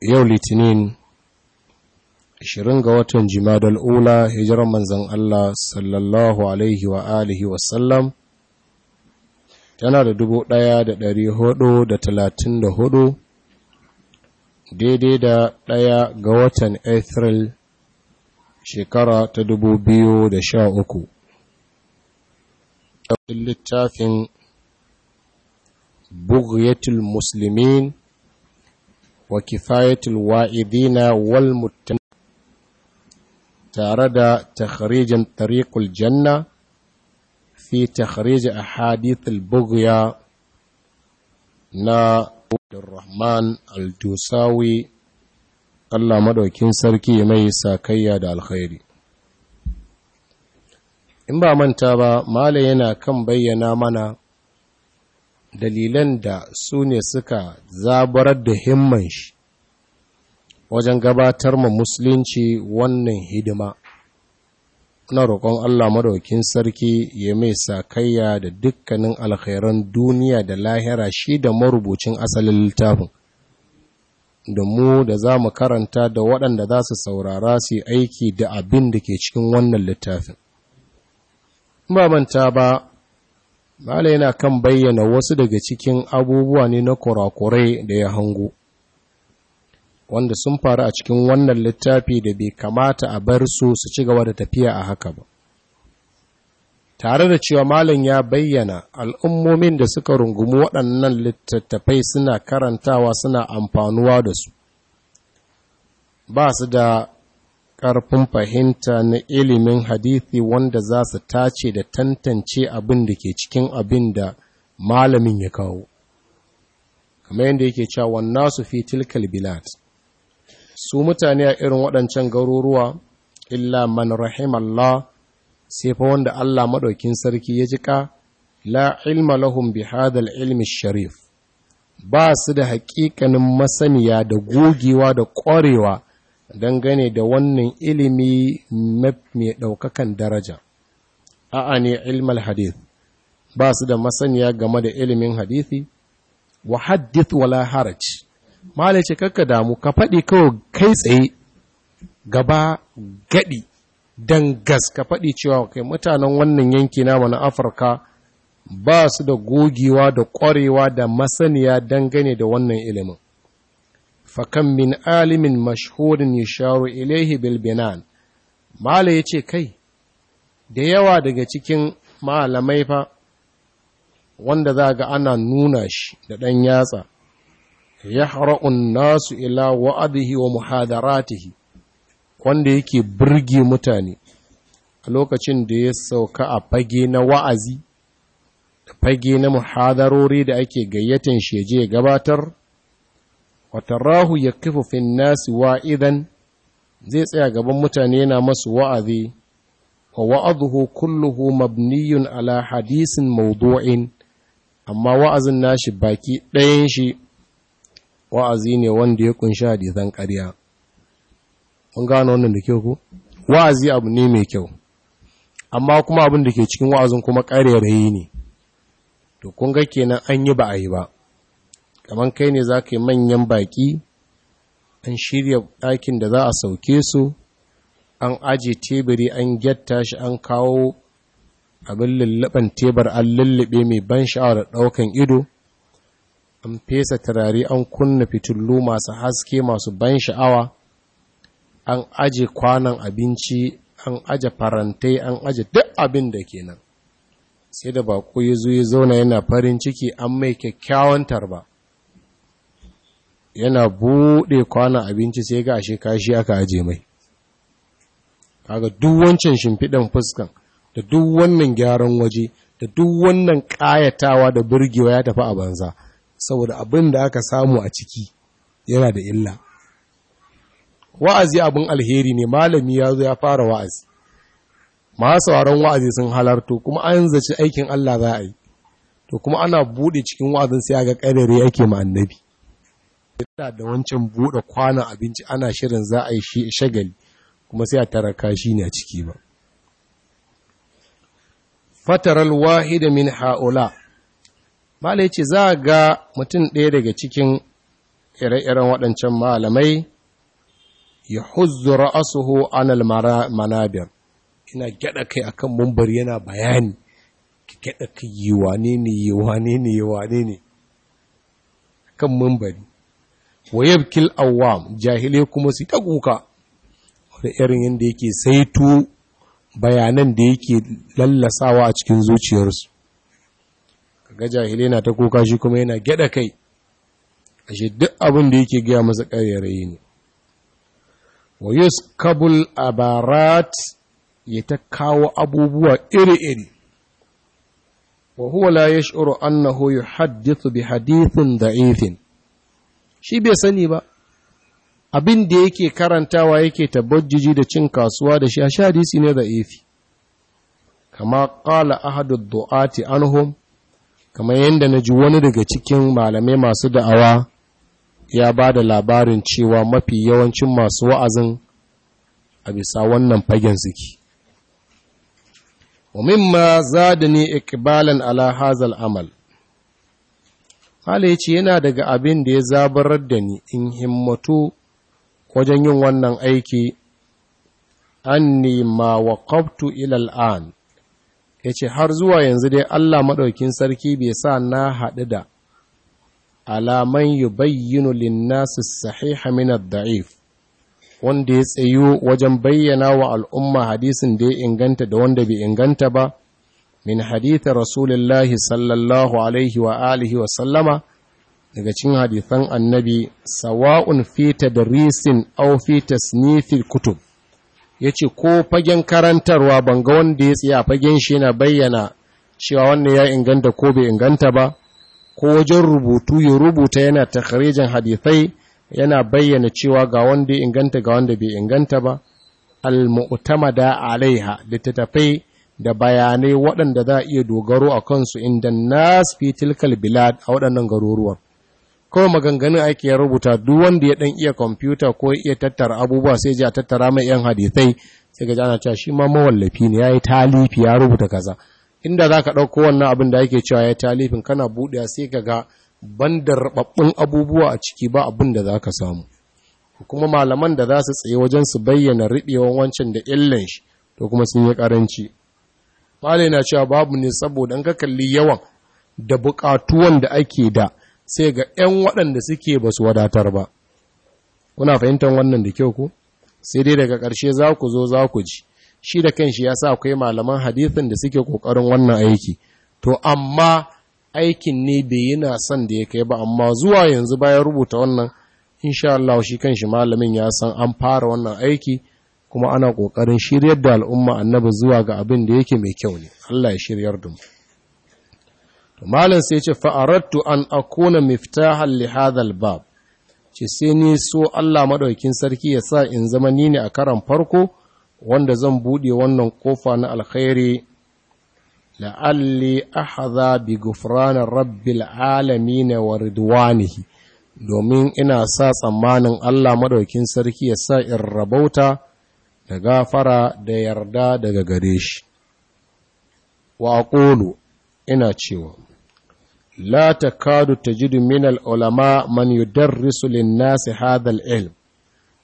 yau litinin 20 ga watan jimadal ula hijiran manzan Allah sallallahu alaihi wa alihi wasallam tana da hudu daidai da ɗaya ga watan April shekara ta dubu biyu da sha uku. littafin bugyatul muslimin wa kifayatul wa'idina wal muttaqin tare da takhrijin tariqul janna fi takhrij ahadithul bughya na Abdurrahman al-Dusawi Allah madaukin sarki mai sakayya da alkhairi in ba manta ba Malam yana kan bayyana mana dalilan da su ne suka zabarar da himman shi wajen gabatar ma musulunci wannan hidima na roƙon Allah maɗaukin sarki ya mai sakayya da dukkanin alkhairan duniya da lahira shi da marubucin asalin littafin da mu da za mu karanta da waɗanda za su saurara su aiki da abin da ke cikin wannan littafin ba manta ba bala yana kan bayyana wasu daga cikin abubuwa ne na kurakurai da ya hango, wanda sun faru a cikin wannan littafi da bai kamata a bar su su ci gaba da tafiya a haka ba. Tare da cewa Malam ya bayyana al'ummomin da suka rungumi waɗannan littattafai suna karantawa suna amfanuwa da su, ba su da ƙarfin fahimta na ilimin hadithi wanda za su tace da tantance abin da ke cikin abin da malamin ya kawo kamar yadda yake cewa nasu fi tilkal bilat? su mutane a irin waɗancan garuruwa illa man Allah, sai fa wanda Allah maɗaukin sarki ya jiƙa, la ilma lahum bi hadal ilmi sharif ba su da haƙiƙanin masaniya da gogewa da ƙwarewa dangane da wannan ilimi mai ɗaukakan daraja a'a ne ilmal hadith ba su da masaniya game da ilimin hadithi wa hadith wala haraj malace kakka damu ka faɗi kawai kai tsaye gaba gaɗi don gas ka faɗi cewa kai mutanen wannan yanki na na afirka ba su da gogewa da ƙwarewa da masaniya dangane da wannan ilimin fakan min alimin mashhurin yusharu ilaihi bilbinan mala ya ce kai da yawa daga cikin malamai fa wanda za ga ana nuna shi da ɗan yatsa ya nasu ila wa'adihi wa muhadaratihi wanda yake burge mutane a lokacin da ya sauka a fage na wa'azi da fage na muhadarori da ake gayyatan je gabatar watarahu ya kifu fin nasi wa'idan zai tsaya gaban mutane yana masu wa'azi wa wa'azuhu kulluhu mabniyun ala hadisin mawdu'in amma wa'azin nashi baki ɗayan shi wa'azi ne wanda ya kunshi hadisan ƙarya mun gano wannan da kyau ku wa'azi abu ne mai kyau amma kuma abin da ke cikin wa'azun kuma ƙarerayi ne to kun ga kenan an yi ba a yi ba kamar kai ne za ka yi manyan baƙi an shirya ɗakin da za a sauke su an aje teburi an gyatta shi an kawo abin lullaban tebar an lullube mai ban sha'awa da ɗaukan ido an fesa turare an kunna fitullu masu haske masu ban sha'awa an aje kwanan abinci an aje farantai an aje duk abin da ke nan. sai da bako ya zo ya zauna yana farin ciki an mai kyakkyawantar ba. yana buɗe kwanan abinci sai ga ashe kashi aka aje mai kaga duk wancan shimfiɗan fuskan da duk wannan gyaran waje da duk wannan ƙayatawa da burgewa ya tafi a banza saboda abin da aka samu a ciki yana da illa wa'azi abin alheri ne malami ya zo ya fara wa'azi masu sauran wa'azi sun halarto kuma an zaci aikin Allah za a yi to kuma ana buɗe cikin wa'azin sai ga ƙarere ake ma annabi yana da wancan buɗe kwanan abinci ana shirin za a yi shagali kuma sai a tara kashi ne a ciki ba fataral wahida min haula mala yace za ga mutum ɗaya daga cikin ire-iren waɗancan malamai ya huzzu ra'asuhu anal manabir ina gyada kai akan mumbar yana bayani ki gyada kai yi wane ne yi wane ne yi wane ne kan mumbari wa yabkil awam jahilai kuma su ta kuka wani irin yadda yake saito bayanan da yake lallasawa a cikin zuciyarsu kaga jahilai na ta kuka shi kuma yana gyada kai ashe duk abin da yake gaya masa ƙaryarayi ne wa kabul abarat ya ta kawo abubuwa iri-iri wa huwa la yash'uru annahu yuhaddithu bi hadithin da'ifin shi bai sani ba abin da yake karantawa yake tabbajiji da cin kasuwa da shi a hadisi ne da efi kama ƙala ahadu du'ati anhum kama yadda na ji wani daga cikin malamai masu da'awa ya ba da labarin cewa mafi yawancin masu wa'azin a bisa wannan fagen suke da زادني ikbalan ala hazal amal. Mala ya ce yana daga abin da ya zabarar da ni in himmatu wajen yin wannan aiki, anni ma wa ilal an. Ya ce har zuwa yanzu dai Allah maɗaukin sarki bai sa na haɗu da alaman yi bayyinu linnasi sahiha haminar da'if wanda ya tsayo wajen bayyana wa al'umma hadisin da ya inganta da wanda bai inganta ba min hadithi rasulullahi sallallahu alaihi wa alihi wa sallama daga cin hadithan annabi sawa'un fi tadrisin aw fi tasnifil kutub yace ko fagen karantarwa banga wanda ya tsaya fagen shi yana bayyana cewa wannan ya inganta ko bai inganta ba ko wajen rubutu ya rubuta yana takharijin hadithai yana bayyana cewa ga wanda ya inganta ga wanda bai inganta ba al-mu'tamada alaiha littattafai da bayanai waɗanda za a iya dogaro a kansu inda nas fi tilkal bilad a waɗannan garuruwan kawai maganganun ake rubuta duk wanda ya ɗan iya kwamfuta ko iya tattara abubuwa sai ji a tattara mai yan hadithai sai ga jana cewa shi ma mawallafi ne ya yi talifi ya rubuta kaza inda za ka ɗauko wannan abin da ake cewa ya talifin kana buɗe sai ka ga da rababbun abubuwa a ciki ba abin da za ka samu kuma malaman da za su tsaye wajen su bayyana riɓewan wancan da illan shi to kuma sun yi karanci malai na cewa babu ne saboda an ka kalli yawan da bukatuwan da ake da sai ga 'yan waɗanda suke ba su wadatar ba kuna fahimtar wannan da kyau ku? sai dai daga ƙarshe za ku zo za ku ji shi da kan shi ya sa akwai malaman hadithin da suke ƙoƙarin wannan aiki to amma aikin ne bai yana son da ya kai ba amma zuwa yanzu bayan rubuta wannan insha Allah shi kanshi malamin ya san an fara wannan aiki kuma ana ƙoƙarin shiryar da al'umma annaba zuwa ga abin da yake mai kyau ne Allah ya shiryar da mu malam sai ce fa'arattu an akuna miftahan li hadal bab ce sai ni so Allah Maɗaukin sarki ya sa in zama ni ne a karan farko wanda zan buɗe wannan ƙofa na alkhairi la'alli ahadha bi ghufran rabbil alamin wa ridwanihi domin ina sa tsammanin Allah Maɗaukin sarki ya sa in rabauta da gafara da yarda daga gare shi wa aqulu ina cewa la takadu tajidu min al-ulama man yudarrisu lin nas hadha al-ilm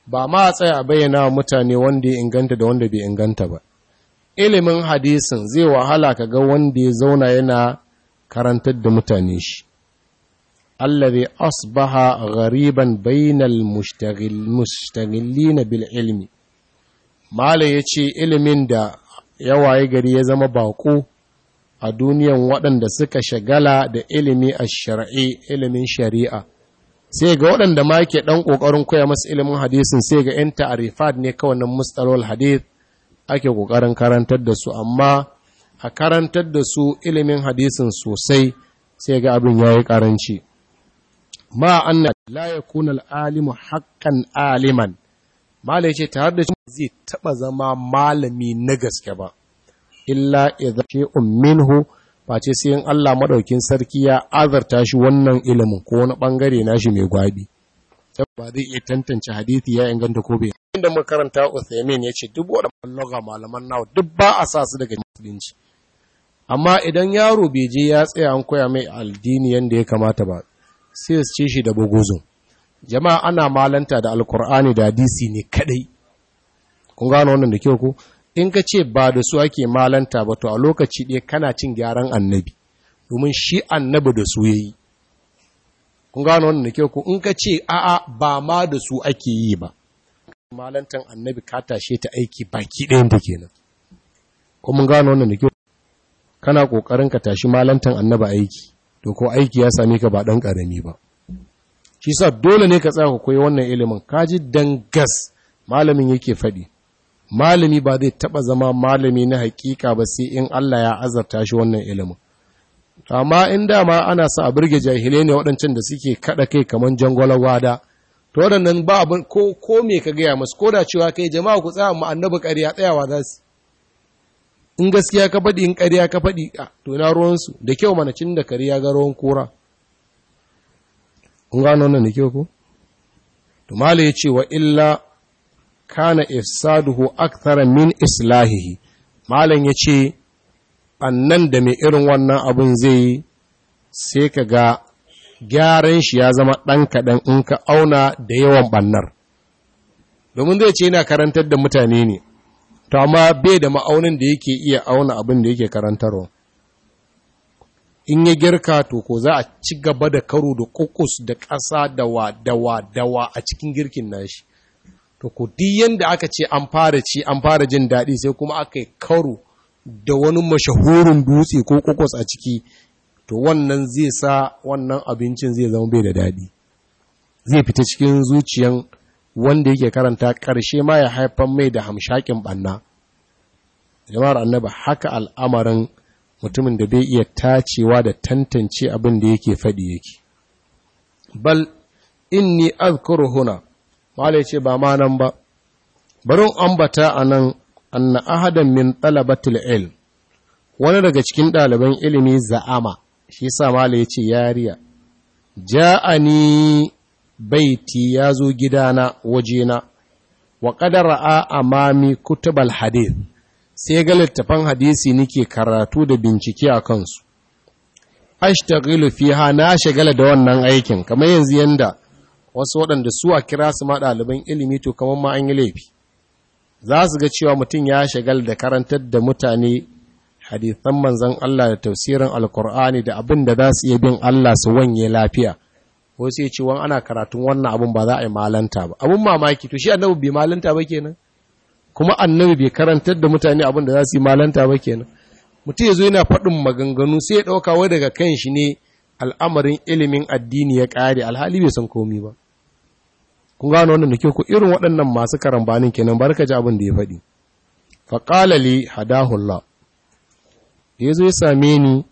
ba ma tsaya bayyana mutane wanda ya inganta da wanda bai inganta ba ilimin hadisin zai wahala ka ga wanda ya zauna yana karantar da mutane shi allazi asbaha ghariban bainal mushtaghil mushtaghilina bil ilmi Malam ya ce ilimin da yawaye gari ya zama baƙo a duniyan waɗanda suka shagala da ilimi a shari'i ilimin shari'a sai ga waɗanda ma ke ɗan ƙoƙarin koya masu ilimin hadisin sai ga 'yan ta'arifat ne kawai na mustalol hadis ake ƙoƙarin karantar da su amma a karantar da su ilimin hadisin sosai sai ga abin ya yi ƙaranci ma anna la yakuna alimu haqqan aliman mala ce tare da shi zai taba zama malami na gaske ba illa idza shay'un minhu ce sai in Allah madaukin sarki ya azarta shi wannan ilimin ko wani bangare nashi mai gwabi ba zai iya tantance hadisi ya inganta ko bai inda makaranta Uthaymin ya ce duk wadannan lugha malaman nawa duk ba a sa su daga musulunci amma idan yaro bai je ya tsaya an koya mai aldini yanda ya kamata ba sai su ce shi da buguzo jama'a ana malanta da alkur'ani da hadisi ne kadai kun gano wannan da kyau ko in ka ce ba da su ake malanta ba to a lokaci ɗaya kana cin gyaran annabi domin shi annabi da su yayi kun gano wannan da kyau ko in ka ce a'a ba ma da su ake yi ba malantan annabi ka tashe ta aiki baki ɗayan ko mun gano wannan da kyau kana kokarin ka tashi malantan annabi aiki to ko aiki ya same ka ba ɗan karami ba shi sa dole ne ka tsaya ka koyi wannan ilimin kaji dan gas malamin yake faɗi malami ba zai taɓa zama malami na hakika ba sai in Allah ya azarta shi wannan ilimin amma in dama ana sa a burge jahilai ne waɗancan da suke kaɗa kai kamar jangwalar wada to waɗannan ba abin ko ko me ka gaya masu ko da cewa kai jama'a ku tsaya mu annabi ƙarya tsayawa za su in gaskiya ka faɗi in ƙarya ka faɗi ah, to na ruwansu da kyau mana cin da kariya ga ruwan kura kun gano nan da kyau ku to mala ya ce wa illa kana ifsaduhu aktara min islahihi malam ya ce annan da mai irin wannan abun zai sai ka ga gyaran shi ya zama ɗan kaɗan in ka auna da yawan ɓannar domin zai ce yana karantar da mutane ne to amma bai da ma'aunin da yake iya auna abin da yake karantarwa in ya girka to ko za a ci gaba da karo da kokos da ƙasa wa da dawa a cikin girkin nashi to ko duk yanda aka ce an fara ci an fara jin daɗi sai kuma aka yi karo da wani mashahurin dutse ko kokos a ciki to wannan zai sa wannan abincin zai zama bai da daɗi zai fita cikin zuciyan wanda yake karanta ƙarshe ma ya haifar mai da hamshakin ɓanna jama'ar annaba haka al'amarin mutumin da bai iya tacewa da tantance abin da yake faɗi yake bal inni azkuru huna mala ce ba ma nan ba barin ambata anan anna ahadan min talabatul ilm wani daga cikin ɗaliban ilimi za'ama shi sa mala yace yariya ja'ani baiti ya zo gidana wajena wa qad ra'a amami kutubal hadith sai ga littafan hadisi nike karatu da bincike a kansu ashtaghilu fiha na shagala da wannan aikin kamar yanzu yanda wasu waɗanda su a kira su ma ɗaliban ilimi to kamar ma an yi laifi za su ga cewa mutum ya shagal da karantar da mutane hadisan Manzon Allah da tafsirin alkur'ani da abin da za su iya bin Allah su wanye lafiya ko sai ce wani ana karatun wannan abin ba za a yi malanta ba abin mamaki to shi annabi bai malanta ba kenan kuma annabi bai karantar da mutane abin da za su yi malanta ba kenan mutum ya zo yana faɗin maganganu sai ya ɗauka wai daga kan shi ne al'amarin ilimin addini ya ƙare alhali bai san komi ba kun gano wannan da ku irin waɗannan masu karambanin kenan barka ji abin da ya faɗi faƙala li hadahullah ya zo ya same ni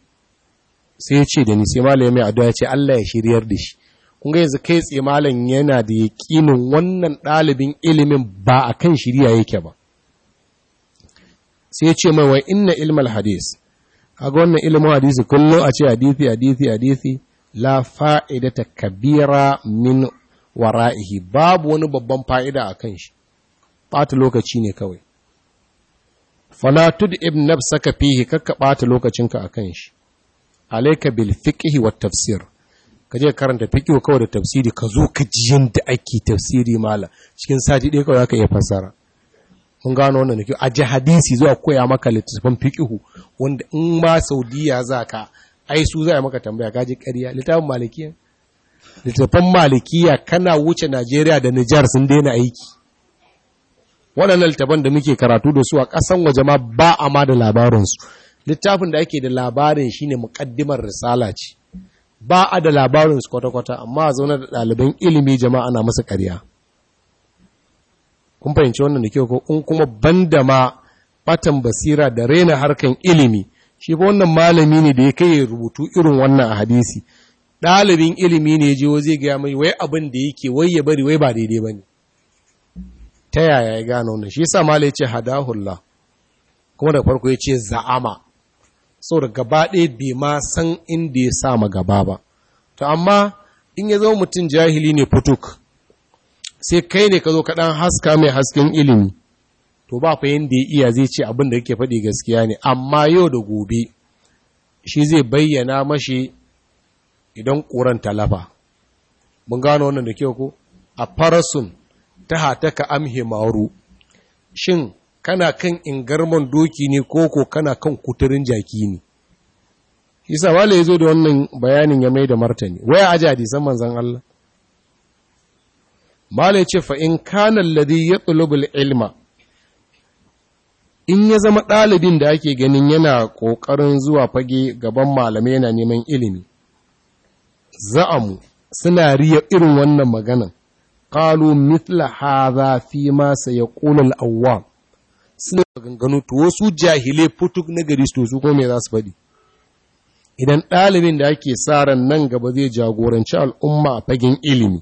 sai ya ce da ni sai malami addu'a ya ce Allah ya shiryar da shi kun ga yanzu kai tsaye malam yana da yaƙinin wannan ɗalibin ilimin ba a kan shirya yake ba sai ya ce mai wai inna ilmal hadis ga wannan ilimin hadisi kullum a ce hadisi hadisi hadisi la fa'idata kabira min wara'ihi babu wani babban fa'ida a kan shi ɓata lokaci ne kawai falatud ibn nafsaka fihi kakka ɓata lokacinka a kan shi alaika bil fiqhi wat tafsir ka je karanta fiqh kawai da tafsiri ka zo ka ji yanda ake tafsiri mala cikin sati ɗaya kawai zaka iya fassara mun gano wannan da a ji hadisi zuwa koya maka littattafan fiqh wanda in ma Saudiya zaka ai su za a maka tambaya ka ji ƙarya littafin malikiya littattafan malikiya kana wuce Najeriya da Nijar sun daina aiki waɗannan littafan da muke karatu da su a ƙasan waje ma ba a ma da labarinsu littafin da ake da labarin shine muƙaddimar risala ce ba a da labarin su kwata-kwata amma a zaune da ɗaliban ilimi jama'a na masa ƙarya kun fahimci wannan da kyau ko in kuma banda ma batan basira da raina harkan ilimi shi ba wannan malami ne da ya kai rubutu irin wannan a hadisi ɗalibin ilimi ne je zai gaya mai wai abin da yake wai ya bari wai ba daidai ba ne ta yaya ya gano wannan shi yasa malai ce hadahullah kuma da farko ya ce za'ama da gaba ɗaya bai ma san inda ya sa ma gaba ba to amma in ya zama mutum jahili ne futuk sai kai ne ka zo ka haska mai hasken ilimi to ba fa da ya iya zai ce abin da kake faɗi gaskiya ne amma yau da gobe shi zai bayyana mashi idan ƙuran talafa mun gano wannan da kyau ko a farasun ta hataka amhe maru shin kana kan ingarman doki ne ko ko kana kan kuturin jaki ne isa wale ya zo da wannan bayanin ya mai da martani waya aji hadisan manzan Allah mala ya ce fa in kana alladhi yatlubul ilma in ya zama ɗalibin da ake ganin yana ƙoƙarin zuwa fage gaban malamai yana neman ilimi za'amu suna riya irin wannan maganan qalu mithla hadha fi ma sayaqulu ƙunan awwam suna maganganu to wasu jahilai putuk na gari to su kome za su faɗi idan ɗalibin da ake sa ran nan gaba zai jagoranci al'umma a fagen ilimi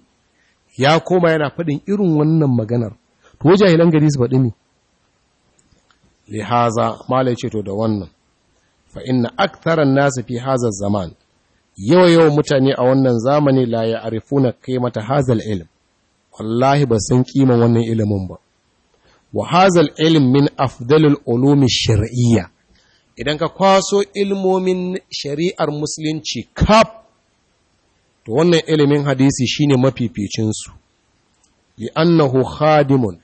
ya koma yana faɗin irin wannan maganar to jahilan gari su faɗi ne lihaza malai ce to da wannan fa inna aktaran nasu fi hazar zaman yawa yau mutane a wannan zamani la ya arifuna kai mata hazal ilim? wallahi ba san kiman wannan ilimin ba Wahazal ilimin ilm min afdalul ulumi shar'iyya idan ka kwaso ilmomin shari'ar musulunci kaf to wannan ilimin hadisi shine mafificin su li annahu khadimun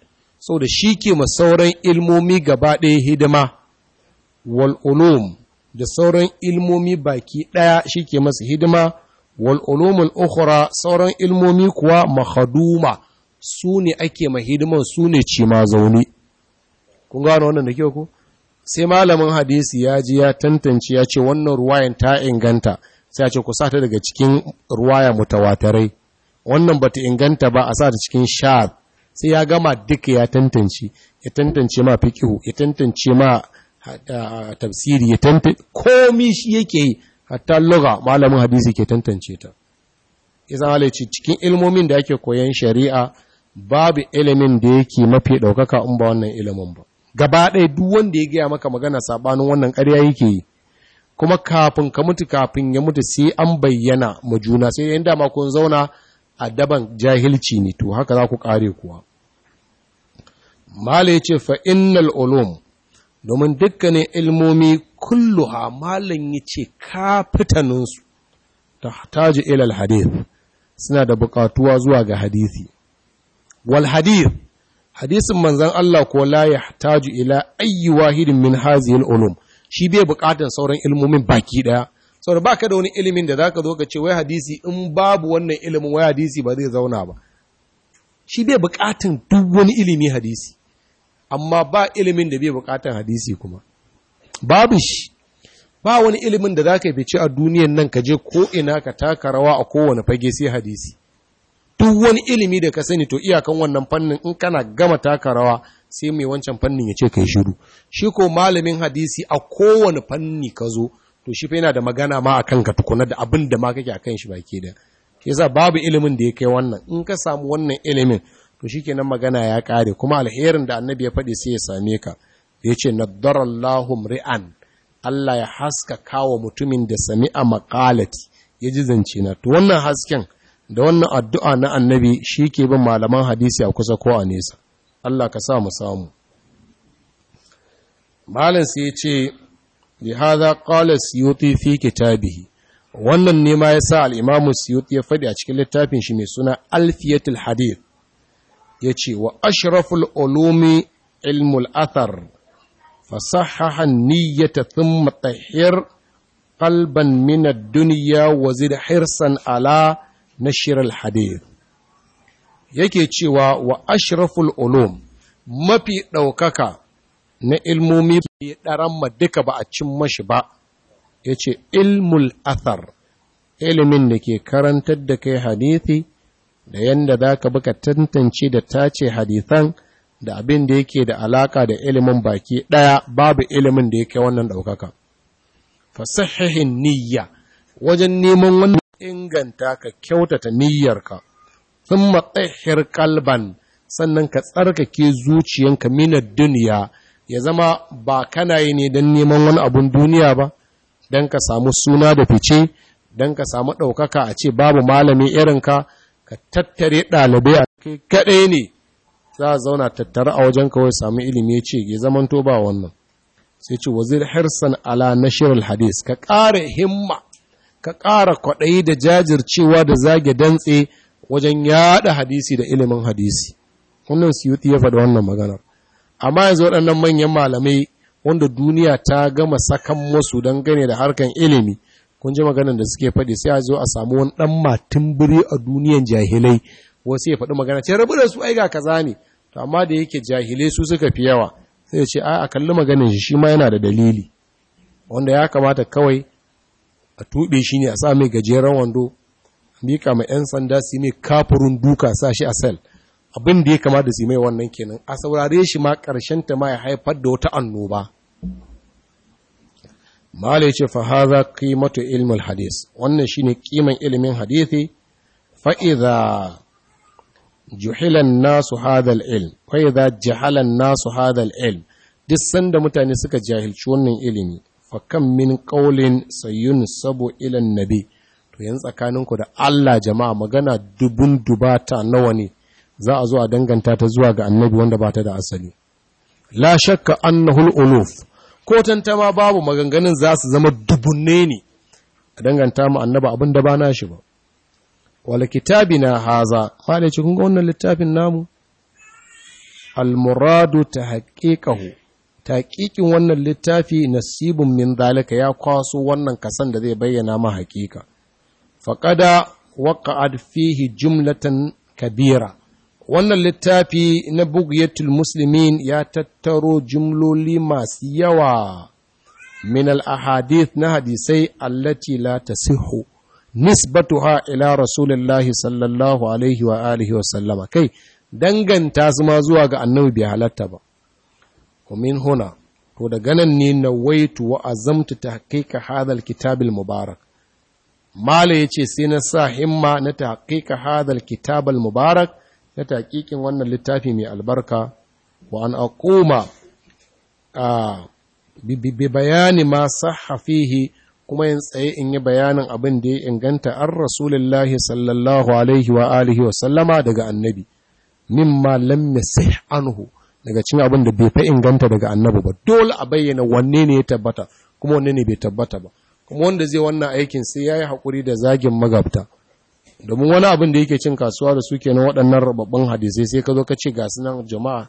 saboda shi ke ma sauran ilmomi gaba ɗaya hidima wal da sauran ilmomi baki ɗaya shi ke masu hidima wal ulumul ukhra sauran ilmomi kuwa mahaduma su ne ake mahidiman su ne ci ma zaune kun gano wannan da kyau ku sai malamin hadisi ya ji ya tantance ya ce wannan ruwayan ta inganta sai a ce ku sata daga cikin ruwaya mutawatarai wannan bata inganta ba a sa ta cikin shar sai ya gama duka ya tantance ya tantance ma fikihu ya tantance ma ah, ah, tafsiri ya tantance komi shi yake yi hatta lugha malamin hadisi ke tantance ta isa cikin ilmomin da ake koyan shari'a babu ilimin da yake mafi ɗaukaka in ba wannan ilimin ba gaba ɗaya duk wanda ya gaya maka magana saɓanin wannan ƙarya yake yi kuma kafin ka mutu kafin ya mutu sai an bayyana ma juna sai yayin dama kun zauna a daban jahilci ne to haka za ku ƙare kuwa mala ya ce fa innal ulum domin dukkanin ilmomi kulluha malam ya ce kafitaninsu ta taji ilal hadith suna da buƙatuwa zuwa ga hadisi. والحديث حديث hadisin manzon Allah ko la yahtaju ila ayyi wahidin min hazihil ulum shi bai buƙatar sauran ilmomin baki daya saboda baka da wani ilimin da zaka zo ka ce wai hadisi in babu wannan ilimin wai hadisi ba zai zauna ba shi bai buƙatar duk wani ilimi hadisi amma ba ilimin da bai buƙatar hadisi kuma babu ba wani ilimin da zaka fice a duniyan nan ka je ko ina ka taka rawa a kowane fage sai hadisi duk wani ilimi da ka sani to iyakan wannan fannin in kana gama taka rawa sai mai wancan fannin ya ce kai shiru shi ko malamin hadisi a kowane fanni ka zo to shi fa yana da magana ma a kan ka tukuna da abin da ma kake kan shi baki da shi yasa babu ilimin da ya kai wannan in ka samu wannan ilimin to shi kenan magana ya kare kuma alherin da annabi ya faɗi sai ya same ka Ya yace nadarallahu ri'an Allah ya haskaka wa mutumin da sami'a makalati ya ji zance na to wannan hasken da wannan addu'a na annabi shi ke bin malaman hadisi a kusa ko a nesa Allah ka samu mu samu malin sai ya ce da haza qala siyuti fi kitabihi wannan ne ma yasa al-imamu siyuti ya faɗi a cikin littafin shi mai suna alfiyatul hadith yace wa ashraful ulumi ilmul athar Niyyata النية ثم طهر قلبا Duniya الدنيا وزد hirsan ala na shirar hadith yake cewa wa ashraful ulum mafi ɗaukaka na ilmomi ya ɗaran ma duka ba a cin mashi ba ya ce ilmul athar ilimin da ke karantar da kai hadithi da yadda za ka baka tantance da tace hadithan da abin da yake da alaka da ilimin baki ɗaya babu ilimin da yake wannan ɗaukaka fasahihin niyya wajen neman wannan inganta ka kyautata niyyarka sun matsahir kalban sannan ka tsarkake zuciyanka minar duniya ya zama ba kana yi ne don neman wani abun duniya ba don ka samu suna da fice don ka samu ɗaukaka a ce babu malami irinka ka tattare ɗalibai a kai kaɗai ne za a zauna tattare a wajen kawai samu ilimi ya ce ya zamanto ba wannan sai ce wazir harsan ala nashir hadis ka ƙara himma ka ƙara kwaɗayi da jajircewa da zage dantse wajen yaɗa hadisi da ilimin hadisi wannan suyuti ya faɗi wannan maganar amma yanzu waɗannan manyan malamai wanda duniya ta gama sakan wasu don gane da harkan ilimi kun ji maganar da suke faɗi sai a zo a samu wani ɗan matin biri a duniyan jahilai wasu ya faɗi magana ce rabu da su ai ga kaza ne to amma da yake jahilai su suka fi yawa sai ce a kalli maganar shi ma yana da dalili wanda ya kamata kawai a tuɓe shi ne a sa mai gajeren wando mika ma 'yan sanda su mai kafurin duka sa shi a sel abin da ya kama da su mai wannan kenan a saurare shi ma ƙarshen ta ma ya haifar da wata annoba malai ce fa haza qimatu ilmul hadis wannan shine kiman ilimin hadisi fa idza juhila nasu hadha ilm nasu hadha ilm duk sanda mutane suka jahilci wannan ilimi fa kam min qawlin sayunsabu ila nabi to yan tsakaninku da Allah jama'a magana dubun dubata nawa ne za a zo a danganta ta zuwa ga annabi wanda ba ta da asali la shakka annahu uluf ko tantama babu maganganun za su zama dubunne ne a danganta mu annaba abin ba na shi ba wala kitabina haza malai cikin wannan littafin namu al muradu tahqiqahu taƙiƙin wannan littafi nasibin min zalika ya kwaso wannan kasan da zai bayyana ma haƙiƙa faƙada waƙa'ad fihi jumlatan kabira wannan littafi na bugiyatul muslimin ya tattaro jumloli masu yawa min al-ahadith na hadisai allati la tasihhu nisbatuha ila rasulillahi sallallahu alaihi wa alihi wa sallama kai danganta su ma zuwa ga annabi bai halatta ba wa min huna to daga nan ne na waitu wa azamtu tahqiqa hadha alkitab almubarak mala yace sai na sa himma na tahqiqa hadha alkitab almubarak na tahqiqin wannan littafi mai albarka wa an aquma a bi bayani ma sahha fihi kuma in tsaye in yi bayanin abin da ya inganta an rasulullahi sallallahu alaihi wa alihi wa sallama daga annabi mimma lam yasih anhu daga cin abin da bai fa inganta daga annabi ba dole a bayyana wanne ne ya tabbata kuma wanne ne bai tabbata ba kuma wanda zai wannan aikin sai ya yi haƙuri da zagin magabta domin wani abin da yake cin kasuwa da su kenan waɗannan rababban hadisai sai ka zo ka ce ga sunan jama'a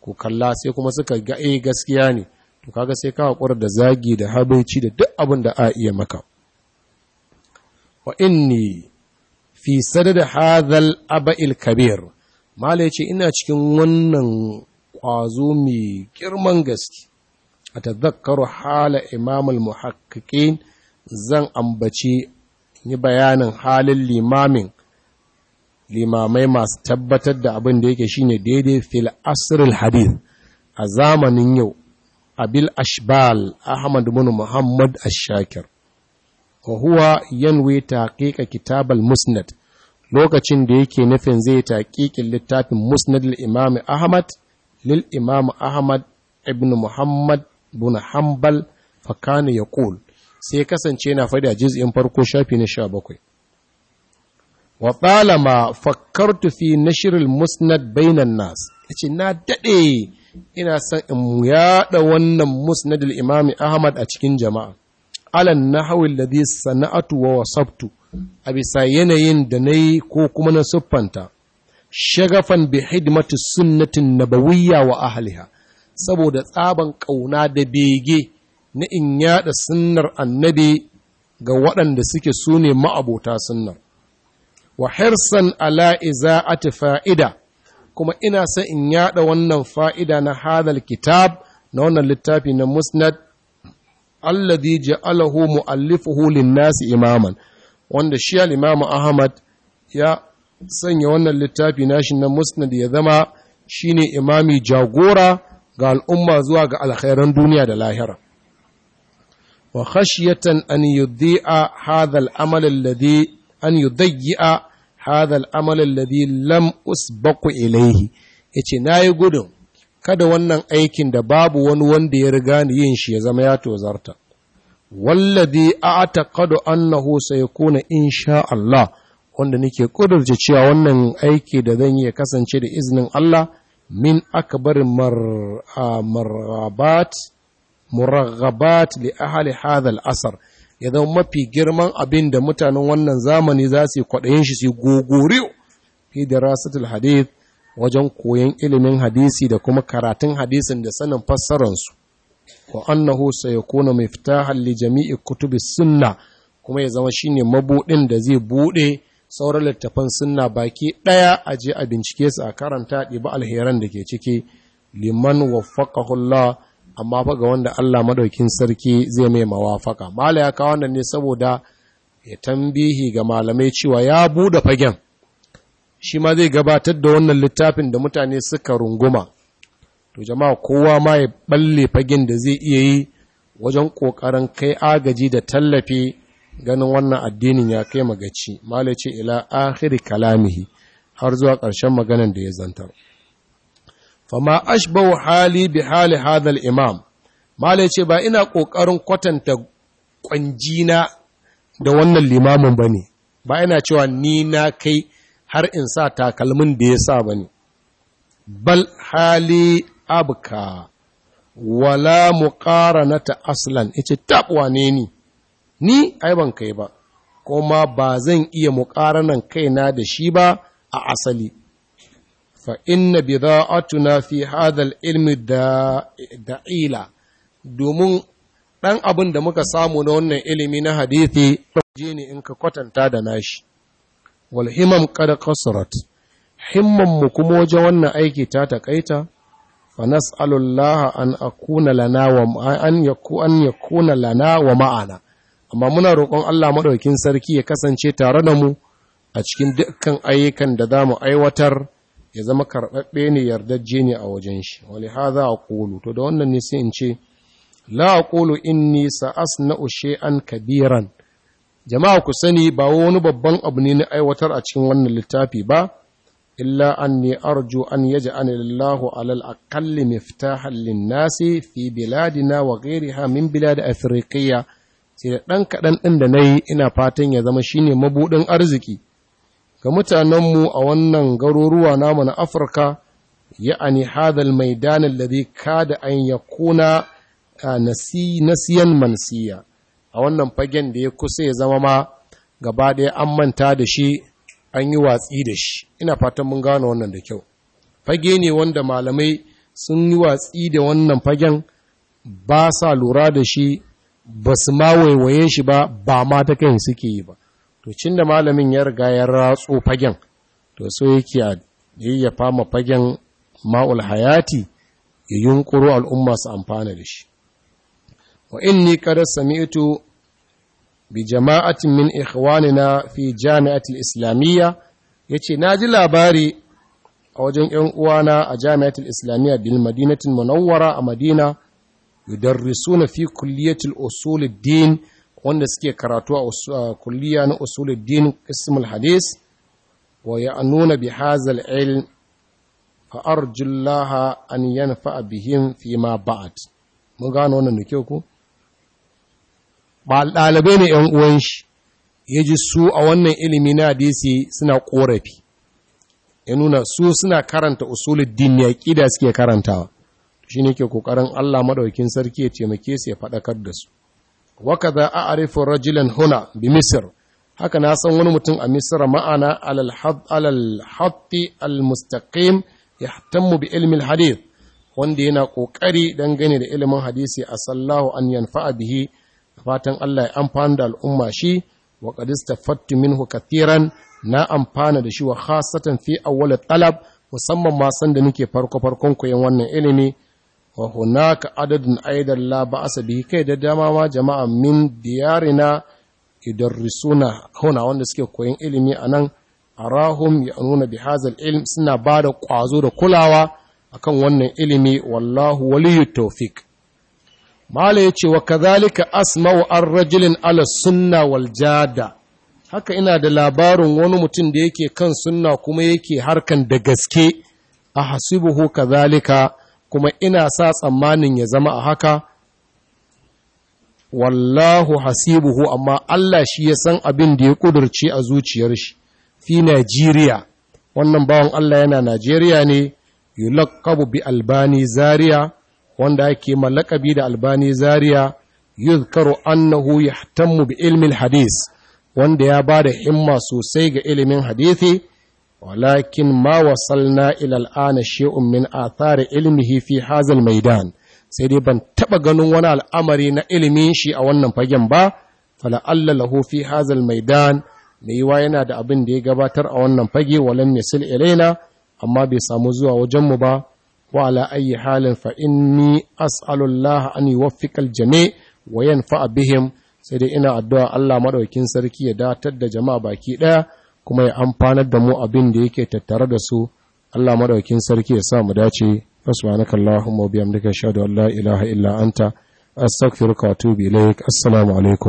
ko kalla sai kuma suka ga eh gaskiya ne to kaga sai ka haƙura da zagi da habaici da duk abin da a iya maka wa inni fi sadad hadhal aba'il kabir mala yace ina cikin wannan ƙwazo mai girman gaske a tazakkaru hala imamul muhakkakin zan ambaci yi bayanin halin limamin limamai masu tabbatar da abin da yake shine daidai fil asirin hadith a zamanin yau abil ashbal ahmad bin muhammad Ashakir, wa huwa yanwi taqiqa kitab al-musnad lokacin da yake nufin zai taqiqin littafin musnad al-imam ahmad lil imam ahmad ibn muhammad bin Hambal fa kana yaqul sai kasance yana faɗi a juz'in farko shafi na 17 wa talama fakkartu fi nashr al musnad bainan nas yace na ina san in yada wannan musnad Imami ahmad a cikin jama'a alan nahawi alladhi sana'atu wa wasabtu a bisa yanayin da nayi ko kuma na siffanta shagafan bi hidmati sunnatin nabawiyya wa ahliha saboda tsaban kauna da bege na in yada sunnar annabi ga waɗanda suke sune ma'abota sunnar wa hirsan ala ati fa'ida kuma ina son in yada wannan fa'ida na hadal kitab na wannan littafi na musnad alladhi ja'alahu mu'allifuhu lin-nasi imaman wanda shi al-imamu Ahmad ya sanya wannan littafi nashi na musnad ya zama shine imami jagora ga al'umma zuwa ga alkhairan duniya da lahira wa khashyatan an yudhi'a hadha al-amal alladhi an yi hadha al alladhi lam ya ilayhi yace nayi gudun kada wannan aikin da babu wani wanda ya riga ni yin shi ya zama ya tozarta wallazi a'taqadu annahu sayakuna insha Allah wanda nake kudurce cewa wannan aiki da zan yi kasance da izinin Allah min akbar marghabat muraghabat li ahli hadha asar ya zama mafi girman abin da mutanen wannan zamani za su kwaɗayin shi su gogore fi dirasatul hadith wajen koyon ilimin hadisi da kuma karatun hadisin da sanin fassararsu wa annahu sayakuna miftahan li jami'i kutubis sunna kuma ya zama shine mabudin da zai bude sauran littafan sunna baki ɗaya a je a bincike su a karanta ɗiba alheran da ke ciki liman waffaqahullah amma fa ga wanda Allah maɗaukin sarki zai mai mawafaka mala ya kawo nan ne saboda ya tambihi ga malamai cewa ya buɗe fagen shi ma zai gabatar da wannan littafin da mutane suka runguma to jama'a kowa ma ya balle fagen da zai iya yi wajen kokarin kai agaji da tallafi ganin wannan addinin ya kai magaci mala ce ila akhir kalamihi har zuwa ƙarshen maganan da ya zantar fama ashbau hali bi hali hadal imam mala ce ba ina ƙoƙarin kwatanta kwanjina da wannan limamin bane ba ina cewa ni na kai har in sa takalmin da ya sa ba ne bal hali abka wala muqaranata aslan ita tabwane ne ni ai ban kai ba kuma ba zan iya muƙaranan kaina da shi ba a asali fa inna bidha'atuna fi hadal ilmi da da'ila domin dan abin da muka samu na wannan ilimi na hadithi je ne in ka kwatanta da nashi wal himam qad qasrat himman mu kuma wajen wannan aiki ta takaita fa nas'alullaha an akuna lana wa an yakuna lana wa ma'ana amma muna roƙon Allah maɗaukin sarki ya kasance tare da mu a cikin dukkan ayyukan da za mu aiwatar ya zama karɓaɓɓe ne yardajje ne a wajen shi wani ha za a kulu, to da wannan ne sai in ce la a in inni sa'as na ushe an kabiran jama'a ku sani ba wani babban abu ne na aiwatar a cikin wannan littafi ba illa an ne arju an yaji an lallahu alal akalli miftahan nasi fi biladina wa gairiha min biladi afirkiya sai da ɗan kaɗan ɗin da na yi ina fatan ya zama shine mabuɗin arziki ga mutanenmu a wannan garuruwa namu na afirka ni hadal maidan alladhi kada an yakuna nasi nasiyan mansiya a wannan fagen da ya kusa ya zama ma gaba ɗaya an manta da shi an yi watsi da shi ina fatan mun gano wannan da kyau fage ne wanda malamai sun yi watsi da wannan fagen ba sa lura da shi ba su ma waiwaye shi ba ba ma ta kai suke yi ba to cin da malamin ya riga ya ratso fagen to so yake a ya fama fagen ma'ul hayati ya yunkuru al'umma su amfana da shi wa inni kada sami'tu bi jama'atin min ikhwanina fi jami'atil islamiyya yace naji labari a wajen 'yan uwana a jami'atul islamiyya bil madinatin munawwara a madina yudarrisuna fi kulliyatil usuluddin wanda suke karatu a kulliya na usuluddin ismul hadis wa ya'nuna bi hazal ilm fa arjullaha an yanfa'a bihim fi ma ba'd mun gano wannan ne ku ba ɗalibai ne ‘yan uwan shi, ya ji su a wannan ilimi na hadisi suna ƙorafi, ya nuna su suna karanta usulun din ya ƙida suke karantawa, shi ne ke ƙoƙarin Allah maɗaukin sarki ya taimake su ya faɗakar da su. Waka za a arifin rajilan huna bi Misir, haka na san wani mutum a Misir ma'ana alalhatti almustaqim ya tammu bi ilmin hadis wanda yana ƙoƙari dangane da ilimin hadisi a sallahu an yanfa a bihi, fatan Allah ya amfani da al'umma shi, wa ƙadista fattu minhu na amfana da shi wa khasatan fi awwal talab musamman ma san da nake farko farkon koyon wannan ilimi wa hunaka adadin aidan la ba bihi kai da dama ma jama'a min diyarina yudarrisuna huna wanda suke koyan ilimi anan arahum ya'nuna bi hazal ilm suna bada kwazo da kulawa akan wannan ilimi wallahu waliyut tawfik mala yace wa kadhalika asma'u ar-rajulin ala sunna wal jada haka ina da labarin wani mutum da yake kan sunna kuma yake harkan da gaske a hasibuhu kadhalika kuma ina sa tsammanin ya zama a haka wallahu hasibuhu amma Allah shi ya san abin da ya kudurce a zuciyar shi fi Najeriya wannan bawan Allah yana Najeriya ne yulaqabu bi Albani Zaria wanda ake malakabi da Albani Zaria yuzkaru annahu yahtammu bi ilmi hadis wanda ya bada himma sosai ga ilimin hadisi walakin ma wasalna ila al'ana shay'un min athari ilmihi fi mai maidan sai dai ban taɓa ganin wani al'amari na ilimin shi a wannan fagen ba fala'alla lahu mai hazal maidan yiwa yana da abin da ya gabatar a wannan fage walam yasil ilaina amma bai samu zuwa wajenmu ba wa ala ayi halin fa inni as'alu Allah an yuwaffiqal jami' wa yanfa'a bihim sai dai ina addu'a Allah madaukin sarki ya datar da jama'a baki ɗaya. kuma ya amfanar da mu abin da yake tattare da su Allah madaukin sarki ya sa mu dace subhanaka allahumma wa bihamdika ashhadu an la ilaha illa anta astaghfiruka wa atubu ilaik assalamu alaikum